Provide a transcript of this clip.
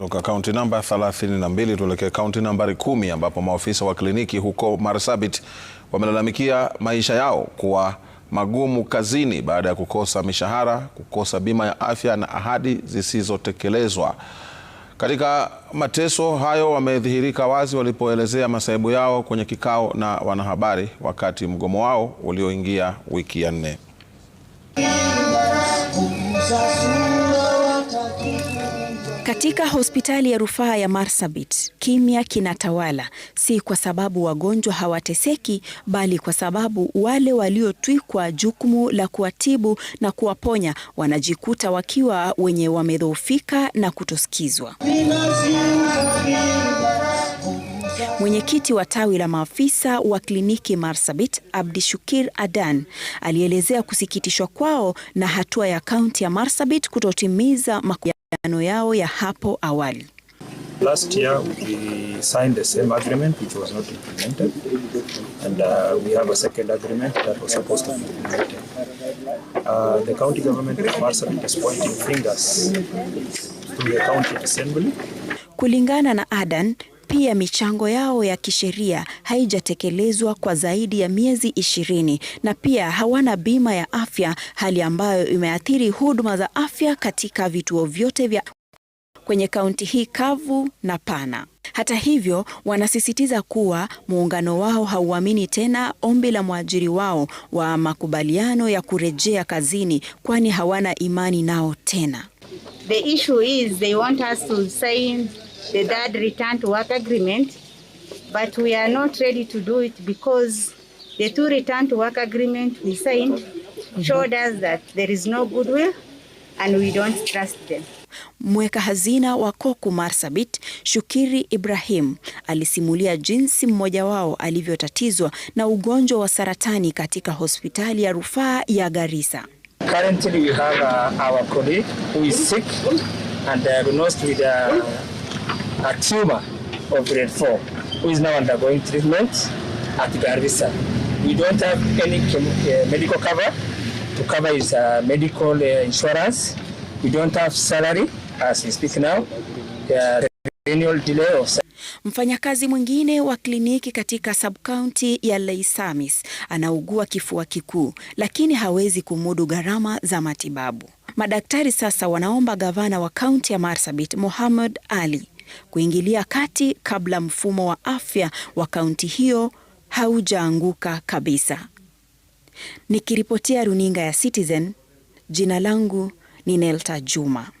Toka kaunti namba 32 tuelekee kaunti nambari kumi ambapo maofisa wa kliniki huko Marsabit wamelalamikia maisha yao kuwa magumu kazini baada ya kukosa mishahara, kukosa bima ya afya na ahadi zisizotekelezwa. Katika mateso hayo wamedhihirika wazi walipoelezea masaibu yao kwenye kikao na wanahabari wakati mgomo wao ulioingia wiki ya nne. Katika hospitali ya rufaa ya Marsabit, kimya kinatawala, si kwa sababu wagonjwa hawateseki, bali kwa sababu wale waliotwikwa jukumu la kuwatibu na kuwaponya wanajikuta wakiwa wenye wamedhoofika na kutosikizwa. Mwenyekiti wa tawi la maafisa wa kliniki Marsabit, Abdishukir Adan, alielezea kusikitishwa kwao na hatua ya kaunti ya Marsabit kutotimiza makubaliano yao ya hapo awali. Last year we signed the same agreement which was not implemented and uh, we have a second agreement that was supposed to be implemented. Uh, the county government of Marsabit is pointing fingers to the county assembly. Kulingana na Adan, pia michango yao ya kisheria haijatekelezwa kwa zaidi ya miezi ishirini na pia hawana bima ya afya, hali ambayo imeathiri huduma za afya katika vituo vyote vya kwenye kaunti hii kavu na pana. Hata hivyo, wanasisitiza kuwa muungano wao hauamini tena ombi la mwajiri wao wa makubaliano ya kurejea kazini kwani hawana imani nao tena. The issue is they want us to sign the third return to work agreement, but we are not ready to do it because the two return to work agreement we signed showed us that there is no goodwill and we don't trust them. Mweka hazina wa Koku Marsabit, Shukiri Ibrahim, alisimulia jinsi mmoja wao alivyotatizwa na ugonjwa wa saratani katika hospitali ya rufaa ya Garissa. Currently we have uh, our colleague who is sick and diagnosed with uh, a tumor of grade 4 who is now undergoing treatment at Garissa. We don't have any uh, medical cover to cover his uh, medical uh, insurance. We don't have salary as we speak now. Uh, Mfanyakazi mwingine wa kliniki katika subkaunti ya Leisamis anaugua kifua kikuu lakini hawezi kumudu gharama za matibabu. Madaktari sasa wanaomba gavana wa kaunti ya Marsabit, Mohamed Ali, kuingilia kati kabla mfumo wa afya wa kaunti hiyo haujaanguka kabisa. Nikiripotia runinga ya Citizen, jina langu ni Nelta Juma.